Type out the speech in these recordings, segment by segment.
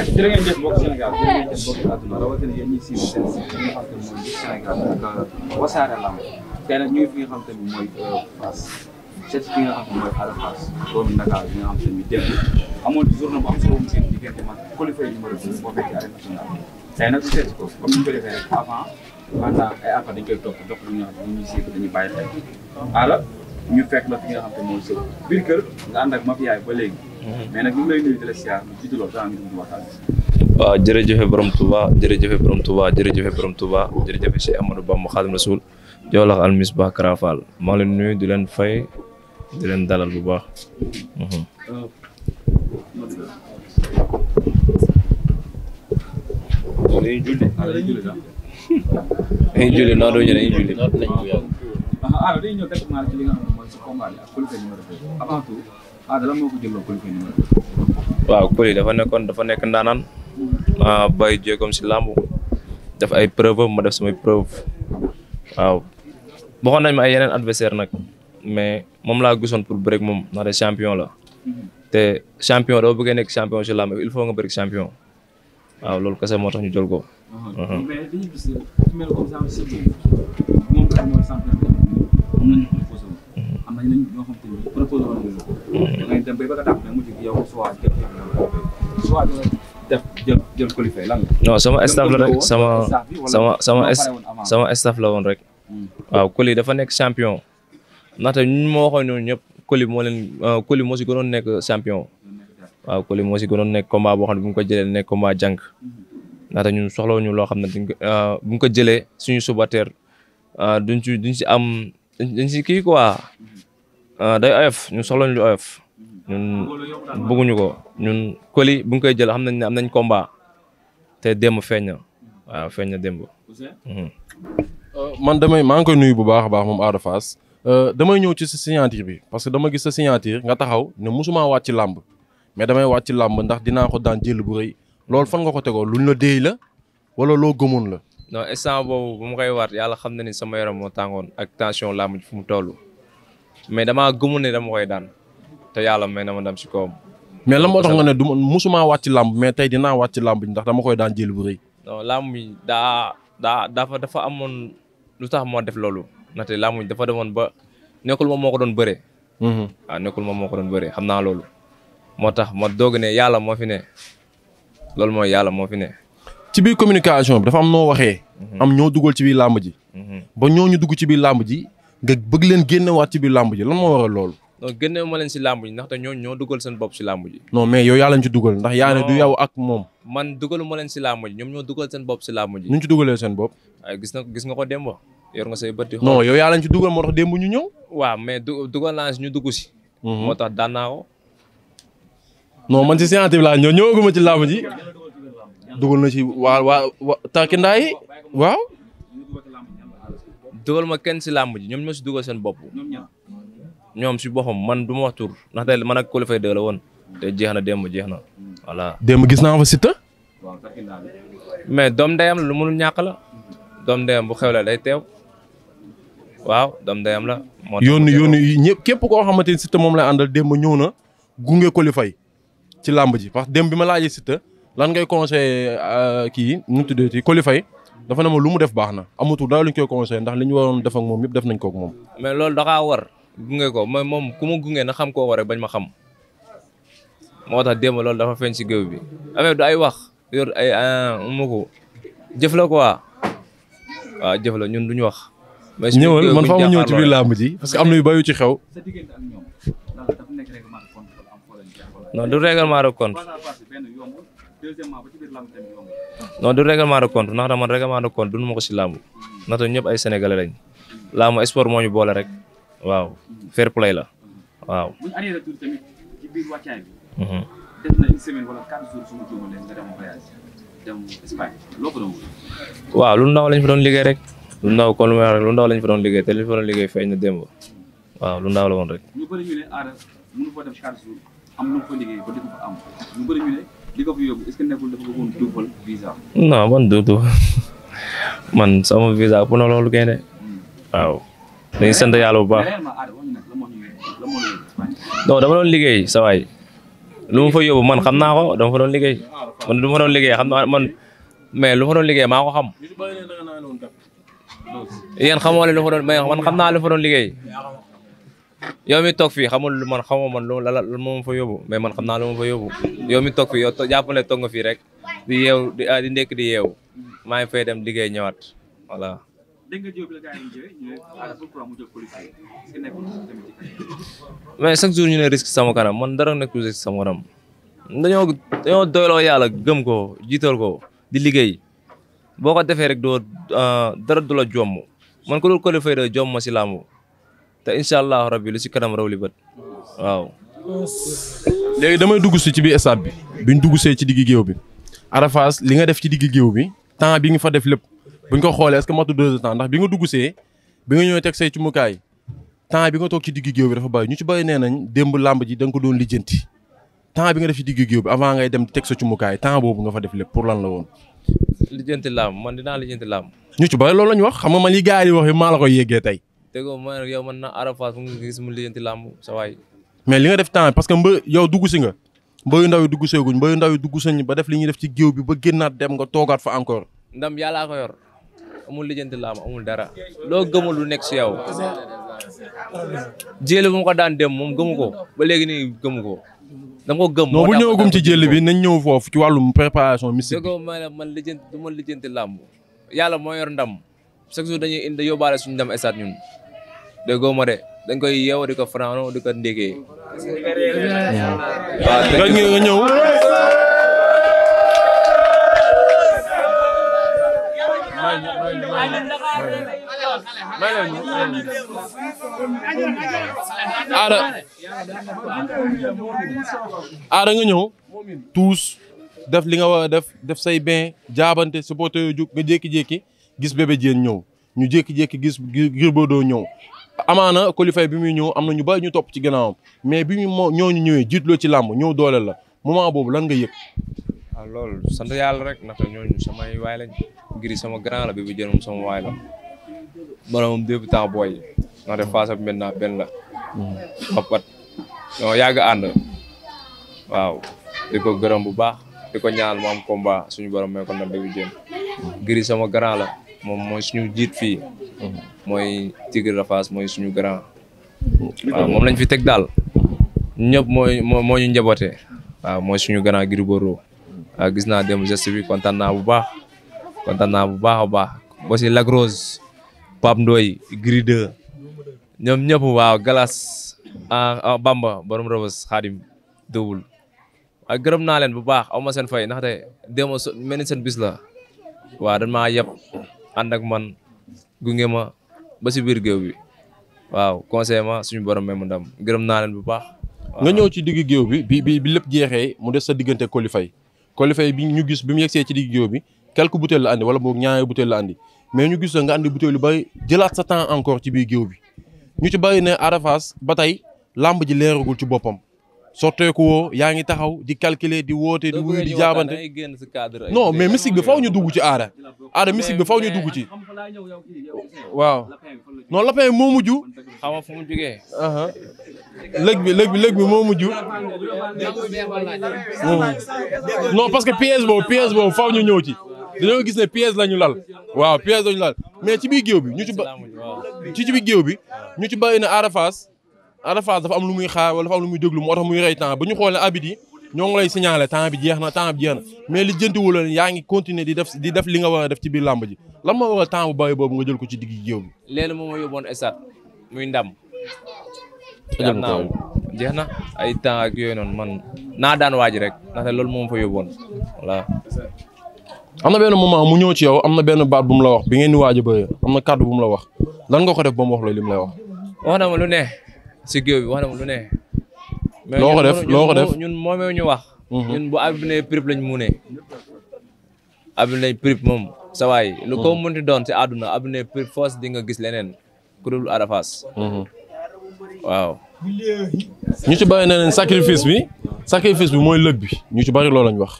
ak jërë ngeen jëf mbokk Sénégal jërë ngeen jëf mbokk àdduna rawatina yéen ñi siiw seen si li nga xam te ne mooy Sénégal ak Wassare Lamb tey nag ñu ngi fi nga xam te ne mooy euh, Fass seet fi nga xam te ne mooy Ada Fass doomu Dakar bi nga xam te ne démb amoon journée bu am solo mu seen diggante man qualifié numéro bi boo fekkee arène nationale tey nag seet ko comme ni ñu ko defee rek avant pendant ay après dañ koy topp jox lu ñu xam ne ñu siiw dañuy bàyyi xel ala ñu fekk la fi nga xam te ne mooy sa biir kër nga ànd ak mafia yi ba léegi mais nag ñu ngi lay nuyu di la siyaar ñu jiitu loolu daal ñu ngi waxtaan waaw jërëjëfe borom Touba jërëjëfe borom Touba jërëjëfe borom Touba jërëjëfe Cheikh Amadou al Misbah Karafal maa leen nuyu di leen fay di leen dalal bu baax mhm. ah, dañuy julli dañuy julli ah waaw Coly dafa nekkoon dafa nekk ndaanaan ma bàyyi jéegoom si làmb def ay preuve ma def samay preuve waaw waxoon nañ ma ay yeneen adversaire nag mais moom laa gisoon pour bëreeg moom ndax de champion la te champion doo bëggee nekk champion si làmb il faut nga bëreeg champion waaw loolu kese moo tax ñu jël ko. Uh-huh. Uh-huh. posé woon nga la. non sama staff la sama sama sama sama woon rek. waaw Coly dafa nekk champion. ndaxte ñu ma waxoon ñoom ñëpp Coly euh, moo si gënoon nekk champion. waaw koli moo si gënoon nekk combat boo xam bu mu ko jëlee nekk combat jànk. ndaxte ñun soxlawuñu loo xam ne dañ euh, bu mu ko jële suñu subateer euh, duñ ci duñ am dañ ci kii quoi. Ah, day oyof ñun soxla ñu lu oyof ñun bëgguñu ko ñun koli bu ñu koy jël xam nañ ne am nañ combat te démb feeñ na waaw feeñ na démb. Mhm. Euh, man damay maa ngi koy nuyu bu baax a baax moom Ada Fass euh, damay ñëw ci sa signature bi parce que dama gis sa signature nga taxaw ne musuma wàcc ci làmb mais damay wàcc ci làmb ndax dinaa ko daan jël bu rëy loolu fan nga ko tegoo luñ la déey la wala loo gëmoon la. non instant boobu bu ma koy waat yàlla xam na ni sama yaram moo tàngoon ak tension làmb fu mu toll. mais damaa gëmu ne dama koy daan te yàlla may na ma dem si kawam. mais lan moo tax nga ne du musuma wàcc làmb mais tey dinaa wàcc làmb ndax dama koy daan jël bu rëy. non làmb yi daa daa dafa dafa amoon lu tax moo def loolu ndaxte làmb dafa demoon ba nekkul moom moo ko doon bëree. waaw mm-hmm. ah, moom moo ko doon bëree xam naa loolu. moo tax ma doog ne yàlla moo fi ne loolu mooy yàlla moo fi ne. ci biir communication bi dafa am noo waxee. Mm-hmm. am ñoo dugal ci biir làmb ji. Mm-hmm. ba ñoo dugg ci biir làmb ji. nga bëgg leen génnewaat ci biir làmb ji lan moo waral loolu. donc génne ma leen si làmb ji ndaxte ñoo ñoo dugal seen bopp si làmb ji. non mais yow yaa leen ci dugal ndax yaa ne du yow ak moom. man dugalu ma leen si làmb ji ñoom ñoo dugal seen bopp si làmb ji. ñu ci dugalee seen ah, gis na ko démb. yor nga say bët. non yow yaa leen ci dugal moo du dugal naa ñu dugg si. Mhm. moo tax daan naa ko. non man si séance bi laa ñëw ñëwaguma ci làmb ji. dugal na si waa waa wa Tarkindaa yi waaw. dugal ma kenn si làmb ji ñoom ñoo si dugal seen bopp. ñoom si boppam man duma wax tur ndax tey man ak Coly dëgg la woon te jeex na démb jeex na voilà. démb gis naa fa Siteu. mais doom ndeyam la lu mënul ñàkk la. doom ndeyam bu xew la day teew. waaw doom ndeyam la. moo yoonu yoonu képp koo xamante ni Siteu moom lay àndal démb ñëw na gunge Coly ci làmb ji parce que démb bi ma laajee Siteu lan ngay conseillé euh, kii nu mu tuddee Coly Faye dafa ne ma lu mu def baax na amatul daal lu ñu koy conseillé ndax li ñu waroon def ak moom yëpp def nañ ko ak moom. mais loolu da war gunge ko mais moom ku ma gunge na xam koo waree bañ ma xam moo tax démb loolu dafa feeñ si géew bi affaire ay wax yor ay mu ko jëf la wax. ma ñëw ci parce que am na yu bàyyi ci xew. non deuxièmement ba ci biir làmb tamit du règlement de compte ndax man règlement de compte dunu ma ko si làmb mm-hmm. ndaxte ñëpp ay sénégalais lañ làmb sport moo ñu boole rek waaw mm-hmm. fair play la mm-hmm. waaw. bu ñu arrière tuuti lañ fa doon liggéey rek. lu ndaw kon lu may wax rek lu ndaw lañ fa doon liggéey te li ñu fa doon liggéey feeñ na démb waaw lu ndaw la woon rek. li ko fi yóbbu est-ce man sama visa bu na loolu kay de waaw. dañuy sant yàlla bu baax. non dama doon liggéey sa waay lu mu fa yóbbu man xam naa ko dama fa liggéey man lu ma fa liggéey maa ko xam. yéen xamoo lu fa doon liggéey. yow mi toog fii xamul man xamoo man loolu man lan moo ma fa yóbbu mais man xam naa lu ma fa yóbbu yow mi toog fii yow jàppale toog nga fii rek di yeew di ah, ndekk maa ngi fay dem liggéey ñëwaat voilà. Ah, mais chaque jour ñu ne risque sama kanam man dara nekkul risque sama kanam dañoo dañoo doyloo yàlla gëm ko jiital ko di liggéey boo ko defee rek doo ah, dara du la man ko dul qualifié da jomm ma si làmb te incha allahu rabbi lu si kanam raw li bët waaw. léegi damay dugg si ci biir stade bi bu ñu dugg see ci digg géew bi Ada li nga def ci digg géew bi temps bi nga fa def lépp buñ ko xoolee est-ce que ndax bi dugg see bi nga ñëwee teg say ci mukaay bi nga toog ci digg géew bi dafa bàyyi ñu ci bàyyi nee nañ démb làmb ji da ko doon lijjanti temps bi nga def digg avant ngay dem teg sa ci temps boobu nga fa def lépp pour lan la woon. lijjanti làmb man dinaa lijjanti làmb. ñu ci bàyyi loolu la ñu wax xam nga man li gars yi wax yi maa la ko yéggee tey déggoo ma yow man na Ada Fass mu ngi gis mu lijjanti làmb sa waay. mais li nga def temps parce que mba yow dugg si nga mbayu ndaw yi dugg seeguñ mbayu ndaw yi dugg sañ ba def li ñuy def ci géew bi ba génnaat dem nga toogaat fa encore. ndam yàllaa ko yor amul lijjanti làmb amul dara loo gëmul lu nekk si yow. jéeli bu ko daan dem moom gëmu ko ba léegi nii gëmu ko. dama ko gëm non bu ñëwagum ci jël bi nañ ñëw foofu ci wàllum préparation mystique bi. ma ne man lijjanti du ma lijjanti làmb yàlla moo yor ndam chaque jour dañuy indi yóbbaale suñu ndam esaat ñun. déggoo ma de dañ koy yeew di ko fanaanoo di ko ndéggee. waaw nga ñëw. aada nga ñëw tuus def li nga war def def say bain jaabante supporter yu jug nga jékki gis Bébé Diène ñëw ñu jékki-jékki gis Gris Bordeaux amaana Coly Faye bi muy ñëw am na ñu bari ñu topp ci gannaawam mais bi ñu moo ñooñu ñëwee jiitloo ci làmb ñëw doole la moment boobu lan nga yëg. waaw ah, loolu sant yàlla rek ndax ñooñu samay waay lañ ngir sama grand la bi bu jëloon sama waay la maanaam moom depuis temps benn la. Hmm. yàgg ànd. ko gërëm bu baax di ko ñaanal mu suñu borom may ko ndam bi bu jëm hmm. ngir sama grand la moom mooy suñu jiit fii. mooy Tigre de mooy suñu grand. waaw moom lañ fi teg daal. ñëpp mooy ñu njaboote waaw mooy suñu grand Gris Bordeaux. gis naa dem geste bi bu baax kontaan bu baax a baax aussi Lac Rose Pape Ndoye waaw Galas ah, ah Bamba borom Rëbës Xaadim Dóobul ak gërëm naa leen bu baax aw ma seen fay ndaxte démb mel ni seen bis la yeb ànd ak man. gunge ma ba si biir géew bi waaw conseil ma suñu borom may mu gërëm naa leen bu baax. nga ñëw ci diggu géew bi bi bi lépp jeexee mu des sa diggante Coly Faye Coly Faye bi ñu gis bi mu yegsee ci digg géew bi quelques bouteilles la andi wala boog ñaari bouteilles la andi mais ñu gis nga andi bouteilles lu bari jëlaat sa temps encore ci biir géew bi ñu ci bay ne Ada ba tey làmb ji leeragul ci boppam sotteeku woo yaa ngi taxaw di calculer di woote di wuyu di jaabante non mais mystique bi faw ñu dugg ci aada aada mystique bi faw ñu dugg ci waaw non lapin moo mujj xam nga fu mu jugee lëg bi lëg bi lëg moo mujj non parce que pièce boobu pièce boobu faw ñu ñëw ci dañoo gis ne pièce la ñu lal waaw pièce la lal mais ci biir géew bi ñu ci ba ci biir géew bi ñu ci ba na aada faas Ada Fass dafa am lu muy xaar wala dafa am lu muy déglu moo tax muy rey temps ba ñu xoolee abit yi ñoo ngi lay signalé temps bi jeex na temps bi jeex na mais li di def di def li nga war a def ci biir làmb ji lan moo waral temps bu bari boobu nga jël ko ci digg géew bi. léegi moom moo yóbboon stade na ay temps ak yooyu man naa daan waaj rek ndaxte loolu moom fa yóbboon voilà. am na benn moment mu ñëw ci yow am na benn baat bu mu la wax bi ngeen di waaj a bëri am na kàddu bu mu la wax lan nga ko def ba mu wax loolu li mu lay wax. wax na ma lu ne. si géew bi wax na ma lu ne. loo ko def loo ko def ñun moomee ñu wax. Mhm. ñun bu abi ne prip lañ mu ne. abi ne prip moom sa waay. lu ko mënti mhm. doon si àdduna abi ne prip force di nga gis leneen ku dul Ada Fass. Mhm. ñu ci bari na leen sacrifice bi sacrifice bi mooy lëg bi ñu ci bari loolu lañ wax.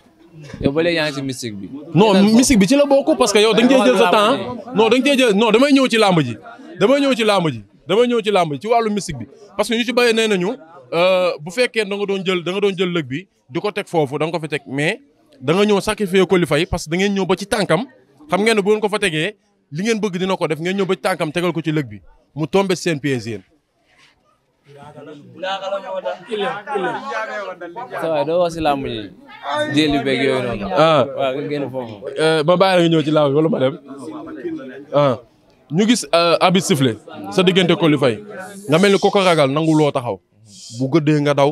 yow ba léegi yaa ngi si mystique bi. non mystique bi ci la bokk parce que yow da jël sa temps non da jël non damay ñëw ci làmb ji damay ñëw ci làmb ji. dama ñëw ci làmb ci wàllu mystique bi parce que ñu ci bëri nee nañu euh, bu fekkee danga doon jël da doon jël lëg bi di ko teg foofu danga ko fa teg mais da ñëw sacrifier ko li fay parce que da ngeen ñëw ba ci tànkam xam ngeen ne bu ko fa tegee li ngeen bëgg dina ko def ngeen ñëw ba ci tànkam tegal ko ci lëg bi mu tombe seen piège yéen sa làmb ji ah. ngeen foofu. Euh, ma bàyyi la nga ñëw ci làmb wala ma dem ah. ñu gis euh, abi sifflé sa diggante ko li fay nga mel ni ko ko ragal nangu loo taxaw bu gëddee nga daw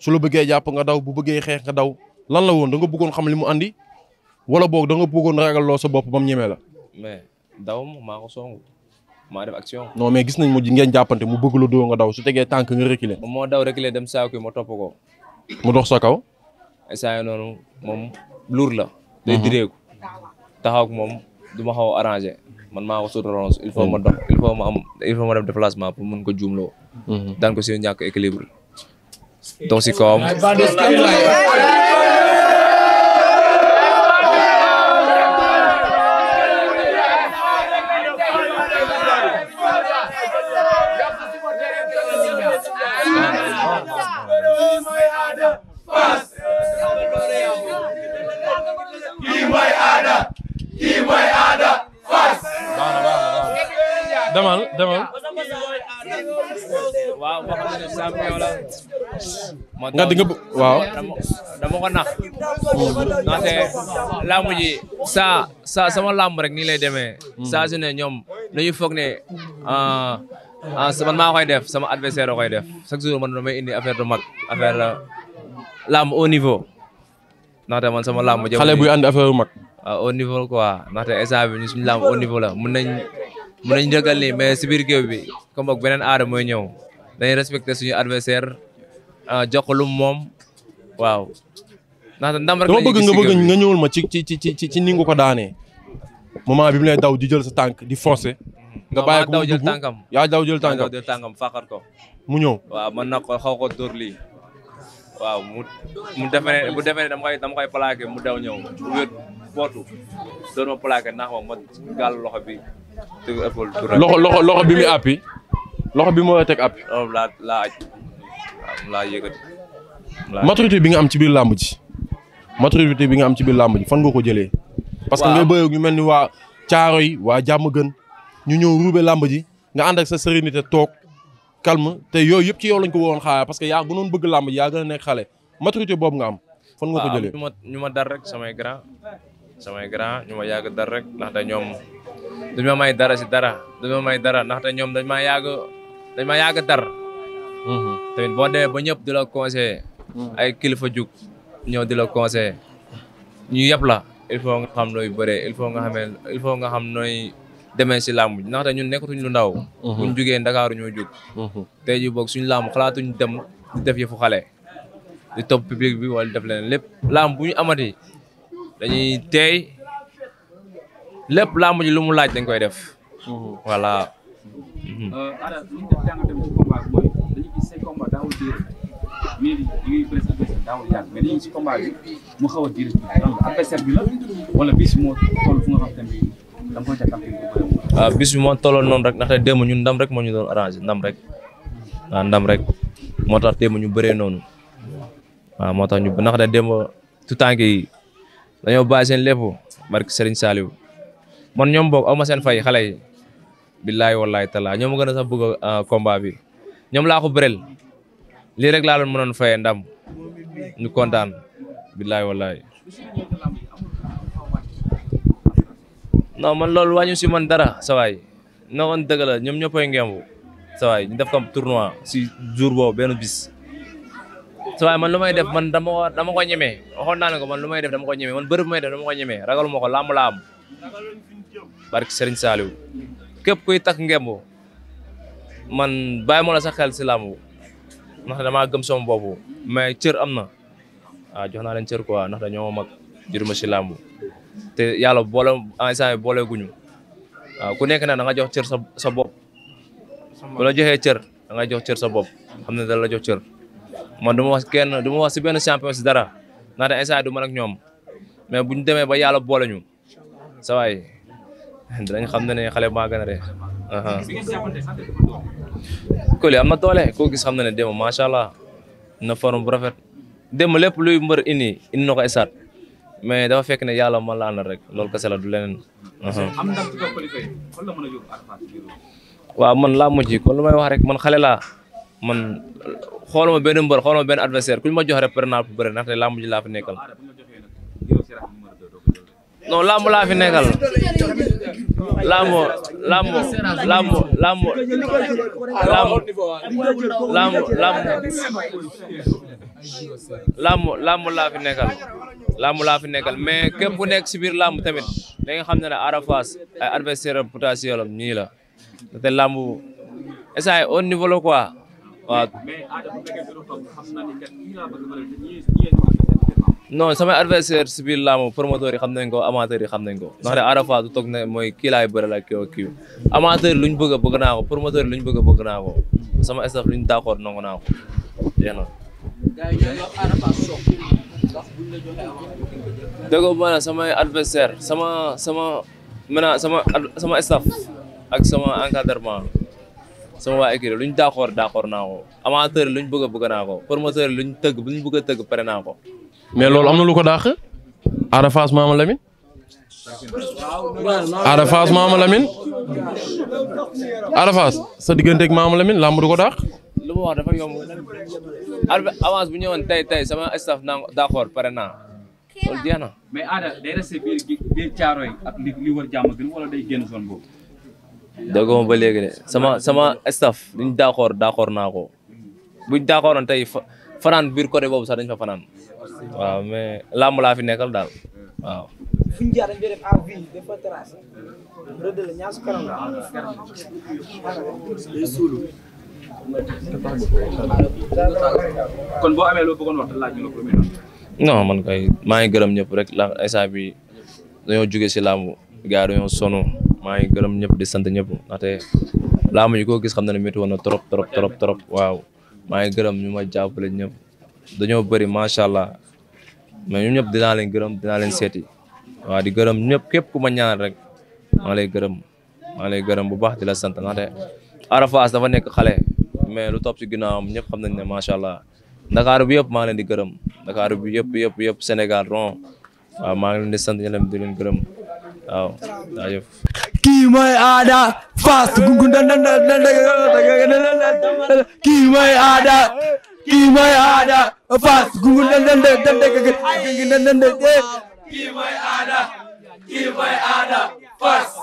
su la bëggee jàpp nga daw bu bëggee xeex nga daw lan la woon da bëggoon xam li mu andi wala boog da bëggoon ragal loo sa bopp ba mu ñemee la. mais daw maa ko songu maa def action. non mais gis nañ mu ngeen jàppante mu bëgg la doo nga daw su tegee tànk nga reculer. moom moo daw reculer dem saako yi ma topp ko. mu dox sa kaw. saa noonu moom luur la. day mhm. direeku taxaw moom du ma xaw a arrangé. man maa ko sut relance il faut ma mm. dox il faut ma am il faut ma def déplacement pour mun ko juumloo. Mm-hmm. daan ko si ñàkk équilibre. toog si kawam. champion la. waaw. dama ko nax. ndaxte làmb ji saa saa sama làmb rek nii lay demee. saa su ne ñoom dañuy foog ne man maa koy def sama adversaire la koy def chaque jour man may indi affaire du mag affaire la làmb au niveau. ndaxte man sama làmb jëm xale buy andi affaire bu mag. au niveau quoi ndaxte instant bi ñu suñu niveau la mun nañ mun nañ dëggal mais si biir géew bi comme ak beneen mooy ñëw. dañuy respecté suñu adversaire euh, jox ko lu moom waaw. ndax ndam rek dama bëgg nga bëgg ma ci ci ci ci ci ni nga ko daanee. moment bi mu lay daw di jël sa tànk di forcer. Mm-hmm. nga bàyyi ko mu dugg yaa daw jël tànkam yaa daw jël tànkam faaxat ko. mu ñëw waaw mën na xaw ko dóor lii. mu mu defee ne bu defee ne dama koy dama mu daw ñëw mu wér bootu dóor ma plaqué ndax ma ma loxo bi. loxo bi muy àppi. loxo bi moo la teg app. loolu oh, laa laa aj waaw bi nga am ci biir làmb ji maturité bi nga am ci biir làmb ji fan nga ko jëlee. parce que nga bëre ñu mel ni waa caaro yi waa jàmm gën ñu ñëw ruube làmb ji nga ànd ak sa sérénité toog calme te yooyu yëpp ci yow lañ ko woon xaaraa parce que yaa gënoon bëgg làmb ji yaa gën a nekk xale maturité boobu nga am. fan nga ko jëlee ñu ma dar rek samay grand samay grand ñu ma yàgg dar rek ndaxte ñoom duñ ma may dara si dara duñ ma may dara ndaxte ñoom dañ ma yàgg. dañ ma yàgg dar mhm. tamit boo demee ba ñëpp di la conseiller mhm. ay kilifa jug ñëw di la conseiller ñu yëpp la il faut nga xam nooy bëree il faut nga xamee il nga xam nooy demee si làmb ndaxte ñun nekkatuñ lu ndaw mhm. buñ jugee ndakaaru ñoo jug tey ji boog suñu làmb xalaatuñ dem di def yëfu xale di topp public bi wala def leneen lépp làmb bu ñu amati dañuy teey lépp làmb lu mu laaj dañ koy def voilà Mm-hmm. Euh, Ada xaw bis moo toll ah, moo tolloon noonu rek ndaxte démb ndam rek moo ñu doon arrangé ndam rek waaw ah, ndam rek moo tax ñu bëree noonu ah, moo tax ñu ndaxte démb tout temps yi dañoo bàyyi seen lépp barke Serigne man ñoom boog aw ma seen fay xale yi. billaay wallaay talaa ñoom gën a sax bëgg combat bi ñoom laa ko bëreel lii rek laa doon mënoon fayee ndam ñu kontaan billaay wallaay non man loolu wàññu si man dara sawaay na woon dëgg la ñoom ñëppay ngembu sawaay ñu def ko tournoi si jour boobu benn bis sawaay man lu may def man dama ko dama ko ñemee waxoon naa ne ko man lu may def dama ko ñemee man bërëb may def dama ko ñemee ragaluma ko làmb laa am barki képp kuy takk ngemb man bàyyi ma la sa xel si làmb ndax damaa gëm sama bopp mais cër am na waaw ah, jox naa leen cër ko ndax dañoo mag juruma si làmb te yàlla boole instant bi booleeguñu waaw ah, ku nekk nag da jox cër sa sa bopp bu la joxee cër da nga jox cër sa bopp xam ne da la jox cër man du ma wax kenn du ma wax si benn champion si dara ndax instant du man ak ñoom mais bu demee ba yàlla boole ñu sa dinañ xam ne ne xale bu maa gën a ree Coly am na doole koo gis xam na ne dema macha allah na forme bu rafet démb lépp luy mbër indi indi na ko esaat mais dafa fekk ne yàlla ma laana rek loolu kese la du leneen. waaw man laa mu kon lu may wax rek man xale laa man xooluma benn mbër xooluma benn adversaire ku ñu ma jox rek pare naa ko bëri ndaxte laa mujj laa fi nekkal. non Lambo Lambo Lambo Lambo Lambo Lambo Lambo laa fi nekkal Lambo laa fi nekkal mais képp ku nekk si biir Lambo tamit da nga xam ne ne Ada Fass ay adversaire am potentiel am ñii la te Lambo niveau la quoi non sama adversaire si biir laamu promoteur yi xam nañ ko amateur yi xam nañ ko ndax de Ada Fass du toog ne mooy kii laay bëral ak kii kii amateur luñ bëgg a bëgg naa ko promoteur luñ bëgg a sama staff luñ d'accord nangu naa ko jeex na. sama sama mana sama sama staff ak sama encadrement sama waa équipe luñ d'accord d'accord naa ko amateur luñ bëgg a bëgg naa ko promoteur luñ tëgg luñ bëgg a tëgg pare naa ko. mais loolu am na lu ko dàq Ada Fass Mama Lamine Ada Ada Fass sa digganteeg Mama Lamine làmb du ko dàq. lu ma avance bu ñëwoon tey tey sama staff naa d'accord pare naa loolu mais ba léegi de sama sama staff duñ d'accord naa ko buñ d'accordoon tey fanaan biir côté boobu sax dañ fa fanaan waaw mais làmb laa fi nekkal daal waaw. fu koy man kay maa ngi gërëm ñëpp rek la instant bi dañoo jóge si làmb gars dañoo sonn maa gërëm ñëpp di sant ñëpp ndaxte làmb yi koo gis xam na ne métti na trop trop trop trop waaw maa ngi gërëm ñu ma jàppale ñëpp dañoo bëri macha allah mais ñun ñëpp dinaa leen gërëm dinaa leen seeti waaw di gërëm ñëpp képp ku ma ñaan rek maa lay gërëm maa lay gërëm bu baax di la sant ndaxte Arafaas dafa nekk xale mais lu topp ci ginnaawam ñëpp xam nañ ne macha allah Dakar bi yëpp maa leen di gërëm Dakar bi yëpp yëpp yëpp Sénégal ron waaw maa ngi leen di sant di leen gërëm. waaw jaajëf kii mooy aada fast gungu kii mooy aada kii mooy aada fast gungu kii mooy aada kii aada fast